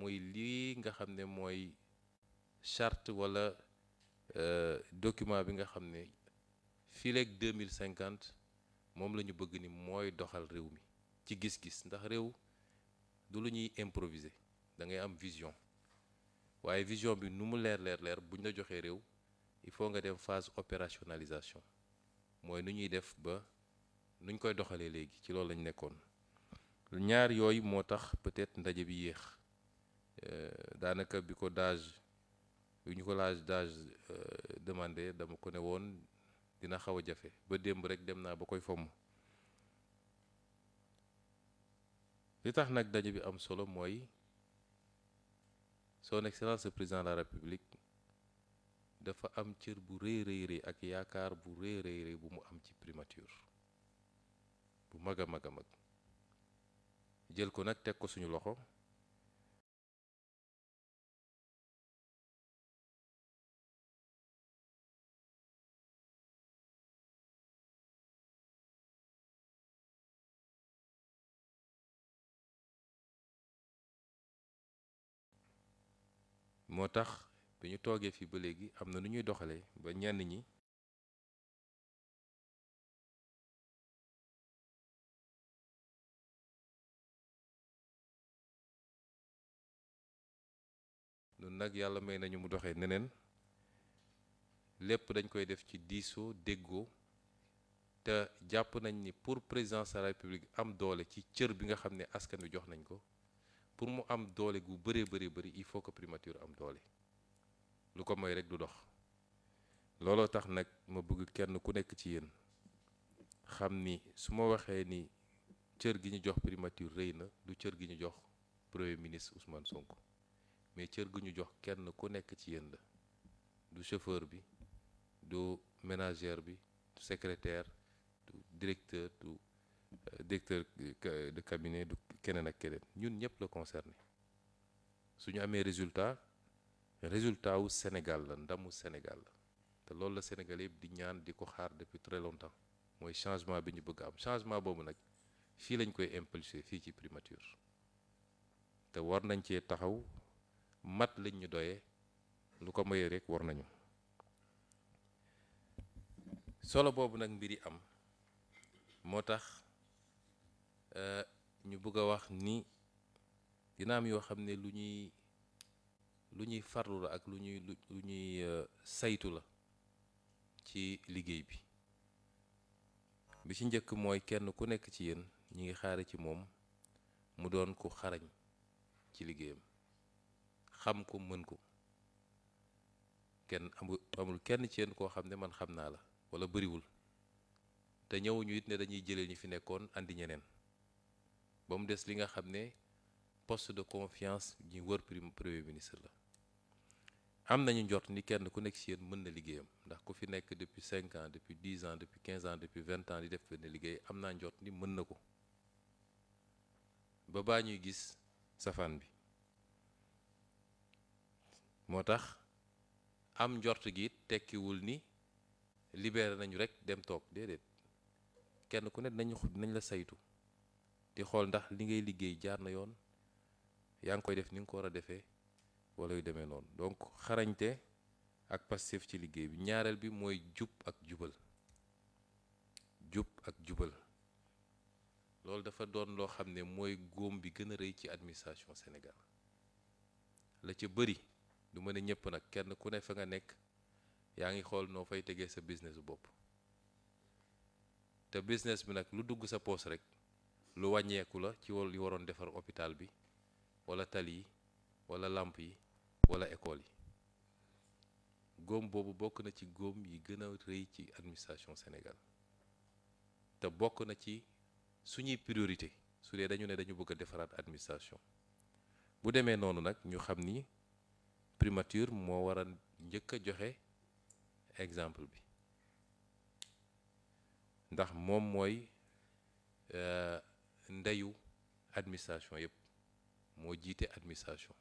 muy lii nga xam ne mooy charte wala euh, document bi nga xam ne fileeg deux mille cinquante moom la ñu bëgg ni mooy doxal réew mi ci gis-gis ndax réew du lu ñuy improviser da ngay am vision waaye vision bi nu mu leer leer leer bu ñu la joxee réew il faut nga dem phase opérationnalisation mooy nu ñuy def ba nu ñu koy doxalee léegi ci loolu lañu nekkoon ñaar yooyu moo tax peut-être ndaje bi yéex Euh, daanaka bi ko dage bi ñu ko laaj dage euh, demandé dama ko ne woon dina xaw a jafe ba démb rek dem naa ba koy fomm li tax nag daje bi am solo mooy son excellence président de la république dafa am cër bu rëy rëy rëy ak yaakaar bu rëy rëy rëy bu mu am ci primature bu mag a mag a mag jël ko nag teg ko suñu loxo moo tax bi ñu toogee fii ba léegi am na nu ñuy doxalee ba ñenn ñi nun nag yàlla may nañu mu doxee neneen lépp dañ koy def ci diisoo déggoo te jàpp nañ ni pour présidence de république am doole ci cër bi nga xam ne askan wi jox nañ ko pour mu am doole gu bëree bëri bëri il faut que primature am doole lu ko moy rek du dox looloo tax nag ma bëgg kenn ku nekk ci yéen xam ni su ma waxee ni cër gi ñu jox primature rëy na lu cër gi ñu jox premier ministre Ousmane Sonko mais cër gi ñu jox kenn ku nekk ci yéen la du chauffeur bi du ménagère bi du secrétaire du directeur du directeur de cabinet du keneen ak keneen ñun ñëpp la concerné su ñu amee résultat résultat wu Sénégal la ndamu Sénégal la te loolu la Sénégal yëpp di ñaan di ko xaar depuis très longtemps mooy changement bi ñu bëgg am changement boobu nag fii lañ koy impulsé fii ci primature te war nañ cee taxaw mat lañ ñu doyee lu ko mayee rek war nañu solo boobu nag mbir am moo tax Euh, ñu bëgg a wax ni dina am yoo xam ne lu ñuy lu ñuy farlu la ak lu ñuy lu euh, saytu la ci liggéey bi bi ci njëkk mooy kenn ku nekk ci yéen ñu ngi xaare ci moom mu doon ko xarañ ci liggéeyam xam ko mën ko kenn amul kenn ci yéen koo xam ne man xam naa la wala bëriwul te ñëwuñu it ne dañuy jëlee ñu fi nekkoon andi ñeneen ba mu des li nga xam ne poste de confiance ñi wër prime premier ministre la am nañu njort ni kenn ku nekk si yéen mën na liggéeyam ndax ku fi nekk depuis cinq ans depuis dix ans depuis quinze ans depuis vingt ans di def benn liggéey am na njort ni mën na ko ba baa ñuy gis safaan bi moo tax am njort gi tekkiwul ni libéré nañu rek dem toog déedéet kenn ku ne nañu nañ la saytu di xool ndax li ngay liggéey jaar na yoon yaa ngi koy def ni nga ko war a defee wala yu demee noonu donc xarañte ak passif ci liggéey bi ñaareel bi mooy jub ak jubal jub ak jubal loolu dafa doon loo xam ne mooy góom bi gën a rëy ci administration senegal la ca bëri du ma ne ñëpp nag kenn ku ne fa nga nekk yaa ngi xool noo fay tegee sa business bopp te business bi nag lu dugg sa poos rek lu wàññeeku la ci wàllu li waroon defar hôpital bi walla tali yi wala làmp yi wala école yi góom boobu bokk na ci góom yi gën a rëy ci administration Sénégal te bokk na ci suñuy priorité su dee dañu ne dañu bëgg defaraat administration bu demee noonu nag ñu xam ni primature moo war a njëkk a joxe exemple bi ndax moom mooy. Euh, ndeyu administration yëpp moo jiite administration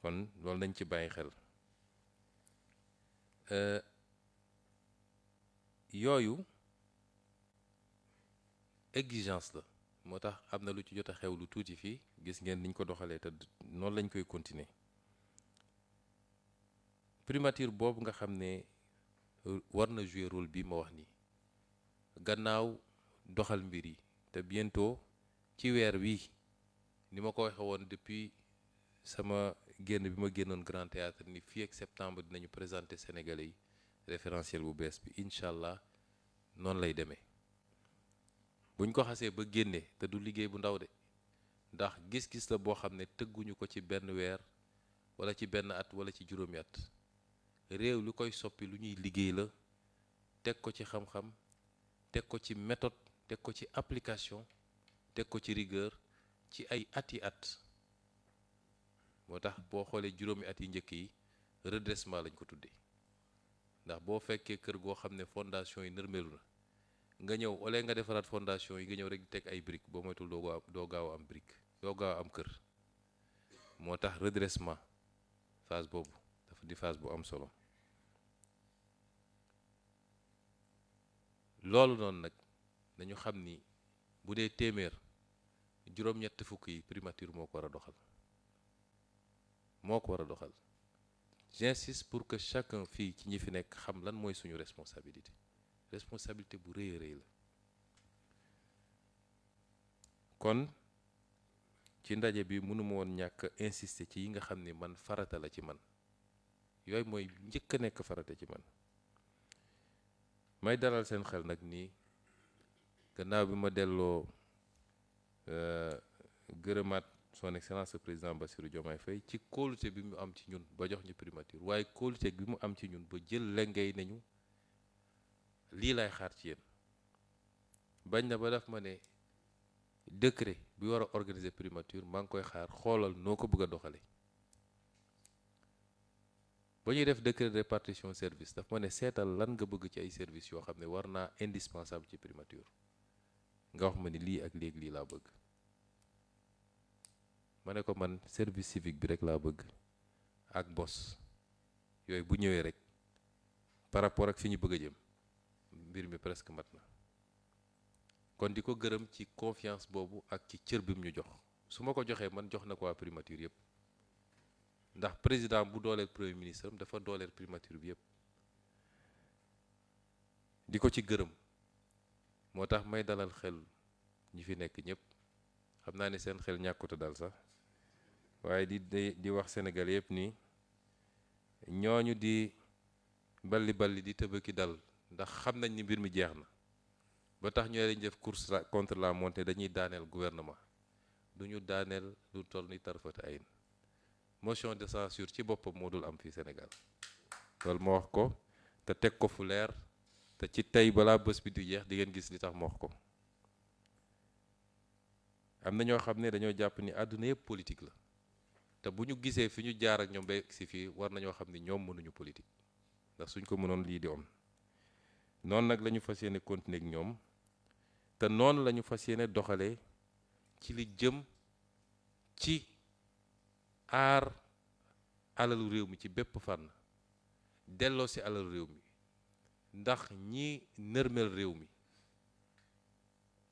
kon loolu nañ ci bàyyi xel euh, yooyu exigence la moo tax am na lu ci jot a xew lu tuuti fii gis ngeen niñ ko doxalee te noonu lañ koy continuer primature boobu nga xam ne war na jouer rôle bi ma wax nii gannaaw doxal mbir yi te bientôt ci weer wii ni ma ko waxee woon depuis sama génn bi ma génnoon Grand Théâtre ni fii ak septembre dinañu présenter Sénégalais yi référentiel bu bees bi incha allah noonu lay demee buñ ko xasee ba génnee te du liggéey bu ndaw de ndax gis-gis la boo xam ne tëgguñu ko ci benn weer wala ci benn at wala ci juróomi at réew lu koy soppi lu ñuy liggéey la teg ko ci xam-xam teg ko ci méthode teg ko ci application teg ko ci rigueur ci ay ati at moo tax boo xoolee juróomi at yi njëkk yi redressement lañ ko tuddee ndax boo fekkee kër goo xam ne fondation yi nërmelu na nga ñëw ole nga defaraat fondation yi nga ñëw rek di teg ay briques boo moytul doo gaaw doo gaaw am brique doo gaaw am kër moo tax redressement phase boobu dafa di phase bu am solo loolu noonu nag nañu xam ni bu dee téeméer juróom-ñett fukk yi primature moo ko war a doxal moo ko war a doxal j'insiste pour que chacun fii ci ñi fi nekk xam lan mooy suñu responsabilité responsabilité bu rëy rëy la kon ci ndaje bi mënuma woon ñàkk insister ci yi nga xam ni man farata la ci man yooyu mooy njëkk a nekk farata ci man may daral seen xel nag nii gannaaw bi ma delloo euh, gërëmaat son excellence le président Bassirou Diomaye Faye ci kóolute bi mu am ci ñun ba jox ñu primature waaye kóolute bi mu am ci ñun ba jël lengay nañu lii laay xaar ci yéen bañ na ba daf ma ne décret bi war a organiser primature maa ngi koy xaar xoolal noo ko bëgg a doxale ba ñuy def décret de répartition service dafa ma ne seetal lan nga bëgg ci ay services yoo xam ne war naa indispensable ci primature nga wax ma ni lii ak léegi lii laa bëgg ma ne ko man service civique bi rek laa bëgg ak bos yooyu bu ñëwee rek par rapport ak fi ñu bëgg a jëm mbir mi presque mat na kon di ko gërëm ci confiance boobu ak ci cër bi mu ñu jox su ma ko joxee man jox na ko waa primature yëpp ndax président bu dooleel premier ministre am dafa dooleel primature bi yëpp di ko ci gërëm moo tax may dalal xel ñi fi nekk ñëpp xam naa ne seen xel ñàkkuta dal sax waaye di di wax Sénégal yëpp nii ñooñu di balli balli di tëbëki dal ndax xam nañ ni mbir mi jeex na ba tax ñoo leen def course contre la montée dañuy daaneel gouvernement du ñu daaneel lu toll ni tarfata ayin motion de sur ci boppam moo dul am fii Sénégal loolu ma wax ko te teg ko fu leer ci tey balaa bés bi du jeex di ngeen gis li tax moox ko am na ñoo xam ne dañoo jàpp ni àdduna yëpp politique la te bu ñu gisee fi ñu jaar ak ñoom ba si fii war nañoo xam ni ñoom mënuñu politique ndax suñ ko mënoon lii di om noonu nag lañu ñu fas yéene continuer ak ñoom te noonu lañu fas yéene doxalee ci li jëm ci aar alalu réew mi ci bépp fànn delloo si alalu réew mi ndax ñi nërmel réew mi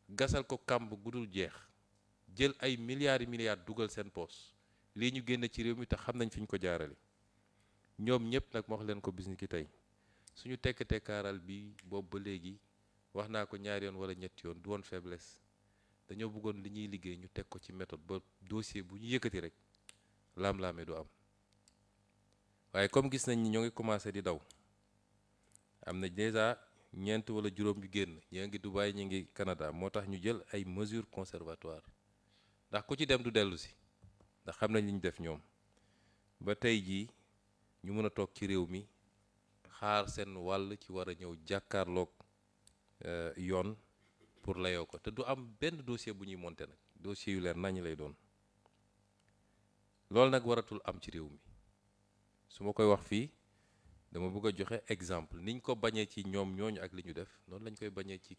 gasal ko kàmb dul jeex jël ay milliards milliards dugal seen poos lii ñu génn ci réew mi te xam nañ fi ko jaarale ñoom ñëpp nag ma wax leen ko bis ki tey suñu tekk-tekkaaral bi boobu ba léegi wax naa ko ñaari yoon wala ñetti yoon du woon faiblesse dañoo bëggoon li ñuy liggéey ñu teg ko ci méthode ba dossier bu ñu yëkkati rek laam-laame du am waaye comme gis nañ ñoo ngi commencé di daw am na déjà ñeent wala juróom yu génn ñii ngi Dubaï ñu ngi Canada moo tax ñu jël ay mesures conservatoires ndax ku ci dem du dellu si ndax xam nañ li def ñoom ba tey jii ñu mën a toog ci réew mi xaar seen wàll ci war a ñëw jàkkaarloog euh, yoon pour layoo ko te du am benn dossier bu ñuy monter nag dossier yu leer nañ lay doon loolu nag waratul am ci réew mi su ma koy wax fii dama bëgg a joxe exemple niñ ko bañee ci ñoom ñooñu ak li ñu def noonu lañ koy bañee ci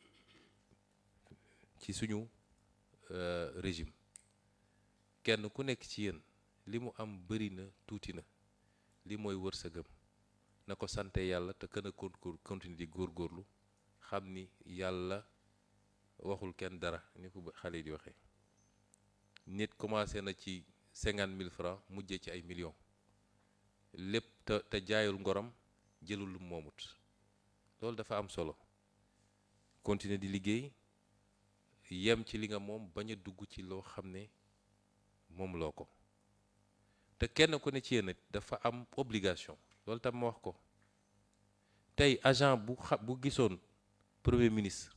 ci suñu euh, régime kenn ku nekk ci yéen li mu am bëri na tuuti na li mooy wër wërsëgam na ko sante yàlla te kën a continue di góorlu xam ni yàlla waxul kenn dara ni ko xale yi di waxee nit commencé na ci cinquante mille francs mujjee ci ay millions lépp te te jaayul ngorom jëlul moomut loolu dafa am solo continuer di liggéey yem ci li nga moom bañ a dugg ci loo xam ne moom loo ko te kenn ku ne ci yéen dafa am obligation loolu tam ma wax ko tey agent bu xa bu gisoon premier ministre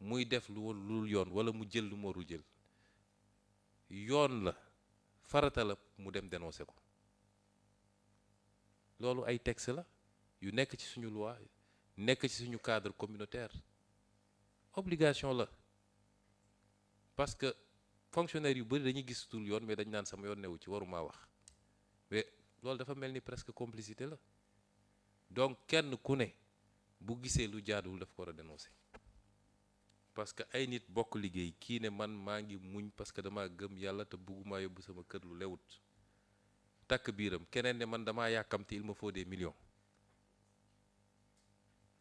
muy def lu lul yoon wala mu jël lu mu warul jël yoon la faratala mu dem dénoncé ko loolu ay texte la yu nekk ci suñu loi nekk ci suñu cadre communautaire obligation la parce que fonctionnaire yu bëri dañuy gisutul yoon mais dañu naan sama yoon newu ci warumaa wax mais loolu dafa mel ni presque complicité la donc kenn ku ne bu gisee lu jaaduwul daf ko war a dénoncer parce que ay nit bokk liggéey kii ne man maa ngi muñ parce que dama gëm yàlla te bugguma yóbbu sama kër lu lewut takk biiram keneen ne man damaa yàkkamte il me faut des millions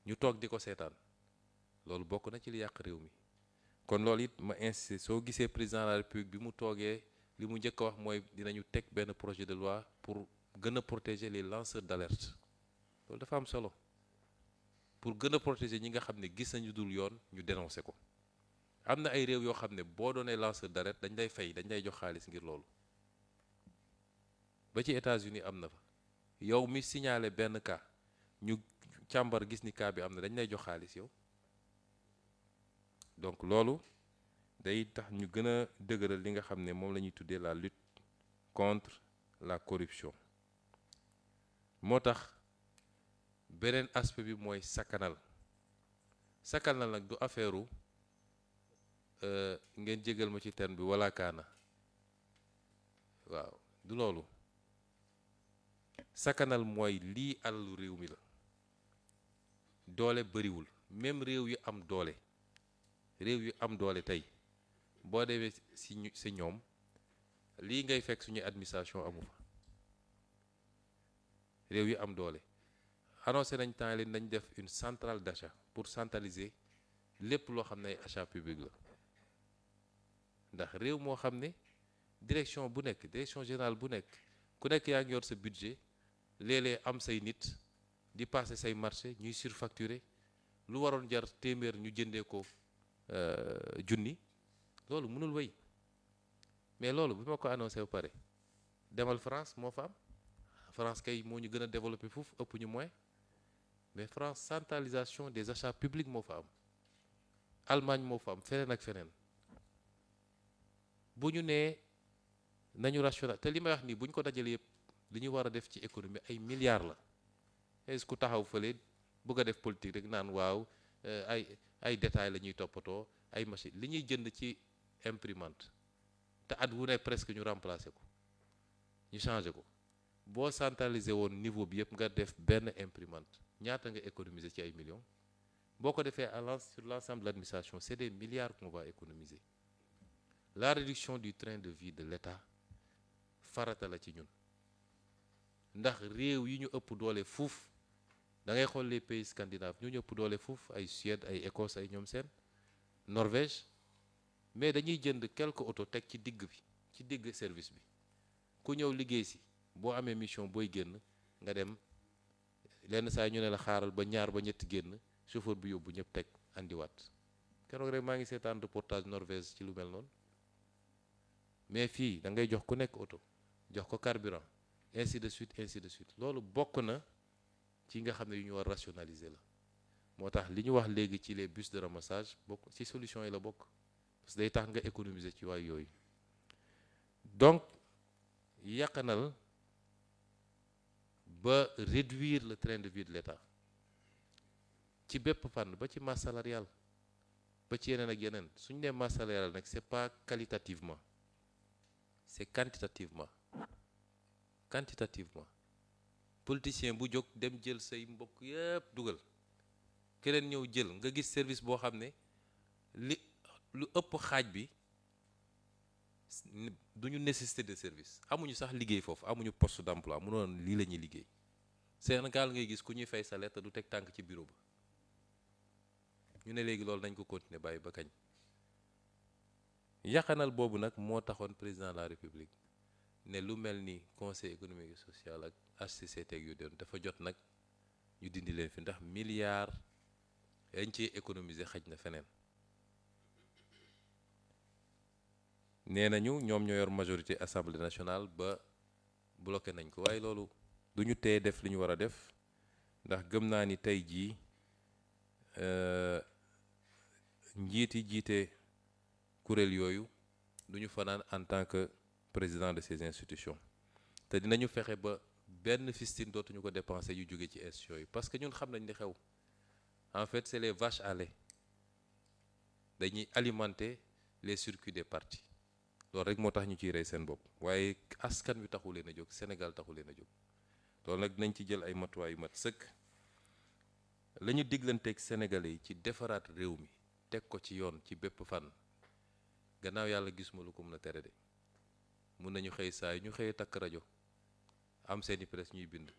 ñu toog di ko seetaan loolu bokk na ci li yàq réew mi kon loolu it ma insisté soo gisee président de la république bi mu toogee li mu njëkk a wax mooy dinañu teg benn projet de loi pour gën a protéger les lanceurs d'alerte loolu dafa am solo pour gën a protéger ñi nga xam ne gis nañu dul yoon ñu dénoncé ko am na ay réew yoo xam ne boo doonee lanceur d'alerte dañ lay fay dañ lay jox xaalis ngir loolu ba ci États-Unis am na fa yow mi signalé benn cas càmbar gis ni kaa bi am na dañ lay jox xaalis yow donc loolu day tax ñu gën a dëgëral li nga xam ne moom la ñuy tuddee la lutte contre la corruption moo tax beneen aspect bi mooy sakkanal sakkanal nag du affaire euh, ngeen jégal ma ci terme bi wala kaana waaw du loolu sakkanal mooy lii alalu réew mi la doole bëriwul même réew yu am doole réew yu am doole tey boo demee si si ñoom lii ngay fekk suñuy administration amu fa réew yu am doole annoncé nañ temps leen nañ def une centrale d'achat pour centraliser lépp loo xam ne ay achat public la ndax réew moo xam ne direction bu nekk direction générale bu nekk ku nekk yaa ngi yor sa budget léeg am say nit di passé say marché ñuy surfacturé lu waroon jar téeméer ñu jëndee ko euh, junni loolu mënul wéy mais loolu bi ma ko annoncé ba pare demal France moo fa am France kay moo ñu gën a développé foofu ëpp ñu moins mais France centralisation des achats publics moo fa am Allemagne moo fa am feneen ak feneen bu ñu nee nañu rationnel te li may wax nii bu ñu ko dajalee yëpp li ñu war a def ci économie ay milliards la est-ce ku taxaw fële bëgg a def politique rek naan waaw euh, ay ay détails la ñuy toppatoo ay machine li ñuy jënd ci imprimante te at wu ne presque ñu remplacer ko ñu changer ko boo centraliser woon niveau bi yëpp nga def benn imprimante ñaata nga économiser ci ay millions boo ko defee à sur l'ensemble de l'administration c'est des milliards qu'on va la réduction du train de vie de l'État farata la ci ñun ndax réew yi ñu ëpp doole fuuf da ngay xool les pays scandinaves ñu ñëpp doole foofu ay Suède ay Écosse ay ñoom seen Norvège mais dañuy jënd quelques auto teg ci digg bi ci digg service bi ku ñëw liggéey si boo amee mission booy génn nga dem lenn saa ñu ne la xaaral ba ñaar ba ñetti génn chauffeur bi yóbbu ñëpp teg andiwaat keroog rek maa ngi seetaan reportage Norvège ci lu mel noonu mais fii da ngay jox ku nekk oto jox ko carburant ainsi de suite ainsi de suite loolu bokk na ci nga xam ne yu ñu war rationaliser la moo tax li ñu wax léegi ci les bus de ramassage bokk ci solution yi la bokk parce day tax nga économiser ci waay yooyu donc yàqanal ba réduire le train de vie de l'État ci bépp fànn ba ci masse ba ci yeneen ak yeneen suñu nee masse salariale nag c'est pas qualitativement c'est quantitativement quantitativement politicien bu jog dem jël say mbokk yëpp dugal keneen ñëw jël nga gis service boo xam ne li lu ëpp xaaj bi duñu nécessité de service amuñu sax liggéey foofu amuñu post d'emploi mënoon lii la ñuy liggéey Sénégal ngay gis ku ñuy fay sa te du teg tànk ci bureau ba ñu ne léegi loolu nañ ko continuer bàyyi ba kañ yaxanal boobu nag moo taxoon président la république ne lu mel ni conseil économique et social ak HCCT yu doon dafa jot nag ñu dindi leen fi ndax milliards yañ ci économiser xaj na feneen nee nañu ñoom ñoo yor majorité assemblée nationale ba bloqué nañ ko waaye loolu du ñu teye def li ñu war a def ndax gëm naa ni tey jii euh, njiiti jiite kuréel yooyu du ñu fanaan en tant que président de ces institutions te dina ñu fexe ba benn fistine dootuñu ko dépenser yu jóge ci institutions yi parce que ñun xam nañ li xew en fait c'est les vaches à dañuy alimenter les circuits des partis loolu rek moo tax ñu ciy rey seen bopp waaye askan wi taxu leen a jóg Sénégal taxu leen a jóg loolu nag nañ ci jël ay matuwaay yu mat sëkk lañu ñu diglanteeg Sénégalais yi ci defaraat réew mi teg ko ci yoon ci bépp fànn gannaaw yàlla gis ma lu ko mën a tere de. mun nañu xëy saa ñu xëy takk rajo am seeni presse ñuy bind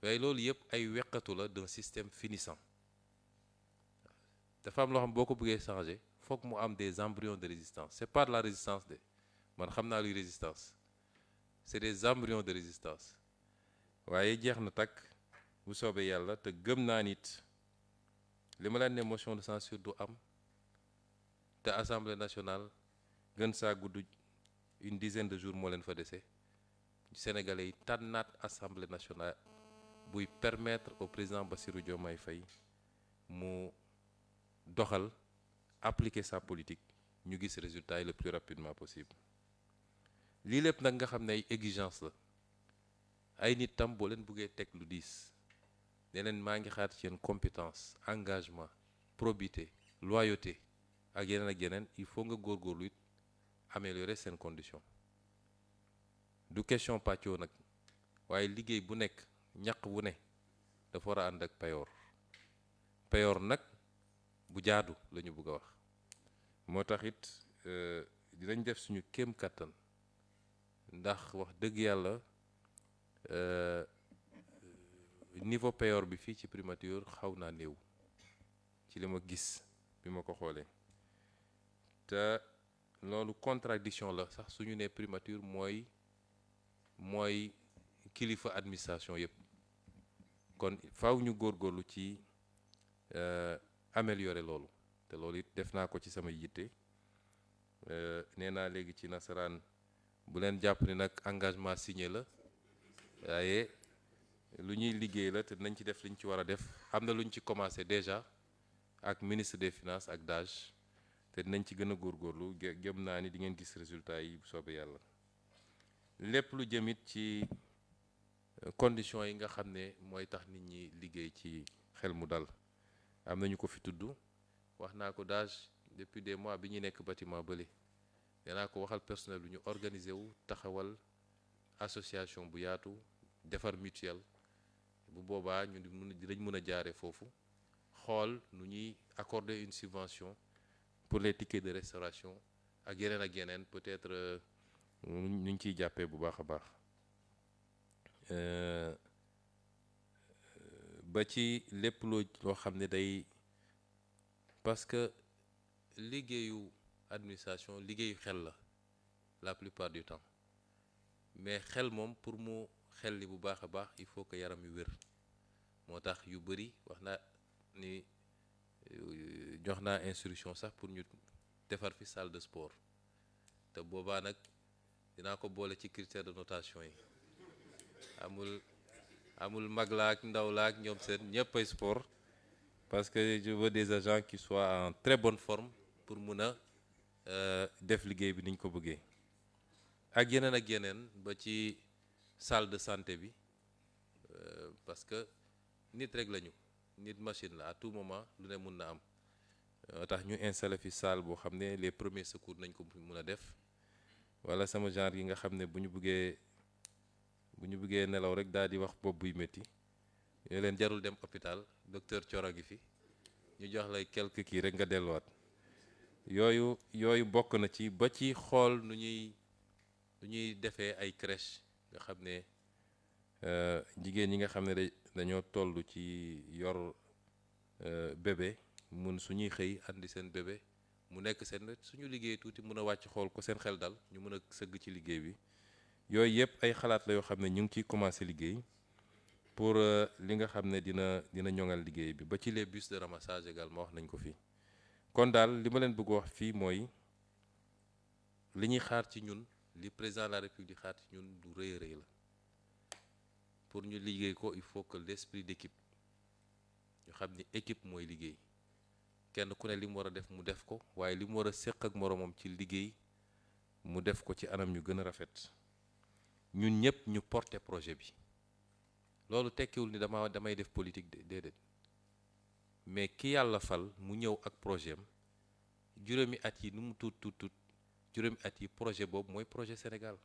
waaye loolu yëpp ay weqatu la d'un système finissant dafa am loo xam boo ko bëggee changer foog mu am des embryons de résistance c'est par la résistance de man xam naa luy résistance c'est des embryons de résistance waaye jeex na takk bu soobee yàlla te gëm naa nit li ma leen ne motion de censure du am te assemblée nationale gën saa gudd une dizaine de jours moo leen fa dese Sénégalais yi tànnaat assemblée nationale buy permettre au président Bassirou Diomaye fay mu doxal appliquer sa politique ñu gis résultat yi le plus rapidement possible lii lépp nag nga xam ne ay exigence la ay nit tam boo leen buggee teg lu diis ne leen maa ngi xaar ci compétence engagement probité loyauté ak yeneen ak yeneen il faut nga góorgóorlu it améliorer seen condition du question pàccoo nag waaye liggéey bu nekk ñaq wu ne dafa war a ànd ak payoor payoor nag bu jaadu la ñu bëgg wax moo tax it euh, dinañ def suñu kéem kàttan ndax wax dëgg yàlla euh, niveau payoor bi fii ci primature xaw naa néew ci li ma gis bi ma ko xoolee te loolu contradiction la sax suñu ne primature mooy mooy kilifa administration yëpp kon faw ñu góor góorlu ci euh, améliorer loolu te loolu it def naa ko ci sama yitte euh, nee naa léegi ci nasaraan bu leen jàpp ni nag engagement signé la waaye lu ñuy liggéey la te nañ ci def liñ ci war a def am na lu ñu ci commencé déjà ak ministre des finances ak DAGE te dinañ ci gën a góorgóorlu gëm naa ni di ngeen gis résultat yi bu soobee yàlla lépp lu jëmit ci euh, conditions yi nga xam ne mooy tax nit ñi liggéey ci xel mu dal am nañu ko fi tudd wax naa ko dage depuis de mois bi ñu nekk bâtiment bële danaa ko waxal personnel lu ñu organiser wu taxawal association bu yaatu defar mutuelle bu boobaa ñu di mën dinañ mën a jaaree foofu xool nu ñuy accorder une subvention pour les tickets de restauration ak yeneen ak yeneen peut-être euh, ñu ngi ciy jàppee bu baax a baax euh, ba ci lépp loo loo xam ne day parce que liggéeyu administration liggéeyu xel la la plupart du temps mais xel moom pour mu xel li bu baax a baax il faut que yaram yu wér moo tax yu bëri wax na ni jox naa instruction sax pour ñu defar fi salle de sport te boobaa nag dinaa ko boole ci critère de notation yi amul amul mag laak ndaw laak ñoom seen ñëpp ay sport parce que je des agents qui soient en très bonne forme pour mun a euh, def liggéey bi niñ ko bëggee ak yeneen ak yeneen ba ci salle de santé bi euh, parce que nit rek lañu nit machine la à tout moment lu ne mun na am tax ñu installé fi salle boo xam ne les premiers secours nañ ko mun a def wala sama genre yi nga xam ne bu ñu buggee bu ñu buggee nelaw rek daal di wax bopp buy métti yoo leen jarul dem hôpital docteur Thioro gi fi ñu jox lay quelque kii rek nga delluwaat yooyu yooyu bokk na ci ba ci xool nu ñuy nu ñuy defee ay crèche nga xam ne euh, jigéen ñi nga xam ne dañoo toll ci yor euh, bébé mun suñuy xëy andi seen bébé mu nekk seen suñu liggéey tuuti mun a wàcc xool ko seen xel dal ñu mën a sëgg ci liggéey bi yooyu yëpp ay xalaat la yoo xam ne ñu ngi ciy commencé liggéey pour euh, li nga xam ne dina dina ñoŋal liggéey bi ba ci les bus de ramassage également wax nañ ko fii kon daal li ma leen bëgg wax fii mooy li ñuy xaar ci ñun li président de la république xaar ci ñun du rëy rëy la pour ñu liggéey ko il faut que l'esprit d'équipe ñu xam ni équipe mooy liggéey kenn ku ne li mu war a def mu def ko waaye li mu war a séq ak moroomam ci liggéey mu def ko ci anam yu gën a rafet ñun ñëpp ñu porter projet bi loolu tekkiwul ni dama damay def politique déedéet mais ki yàlla fal mu ñëw ak projet am juróomi at yi nu mu tuut tuut tuut juróomi at yi projet boobu mooy projet Sénégal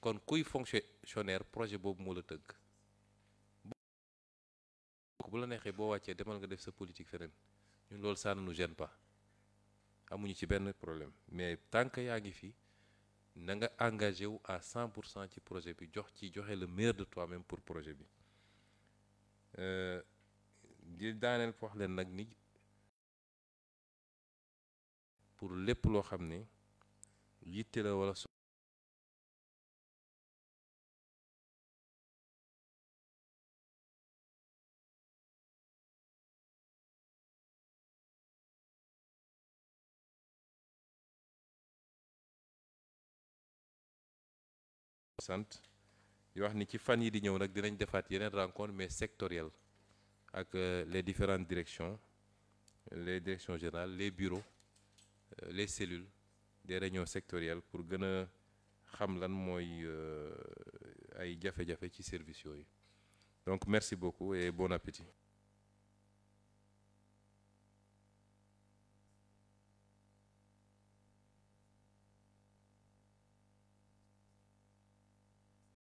kon kuy fonctionnaire projet boobu moo la tënk bu la neexee boo wàccee demal nga def sa politique feneen ñun loolu ça ne nous pas amuñu ci benn problème mais tant que yaa ngi fi na nga engagé wu à cent pour cent ci projet bi jox ci joxe la meilleur de toi pour projet bi euh, di daaneel wax leen nag ni pour lépp loo xam ne yitte la wala. sant di wax ni ci fan yi di ñëw nag dinañ defaat yeneen rencontre mais sectorielle ak euh, les différentes directions les directions générales les bureaux euh, les cellules des réunions sectorielles pour gën a xam lan mooy euh, ay jafe-jafe ci service yooyu donc merci beaucoup et bon appétit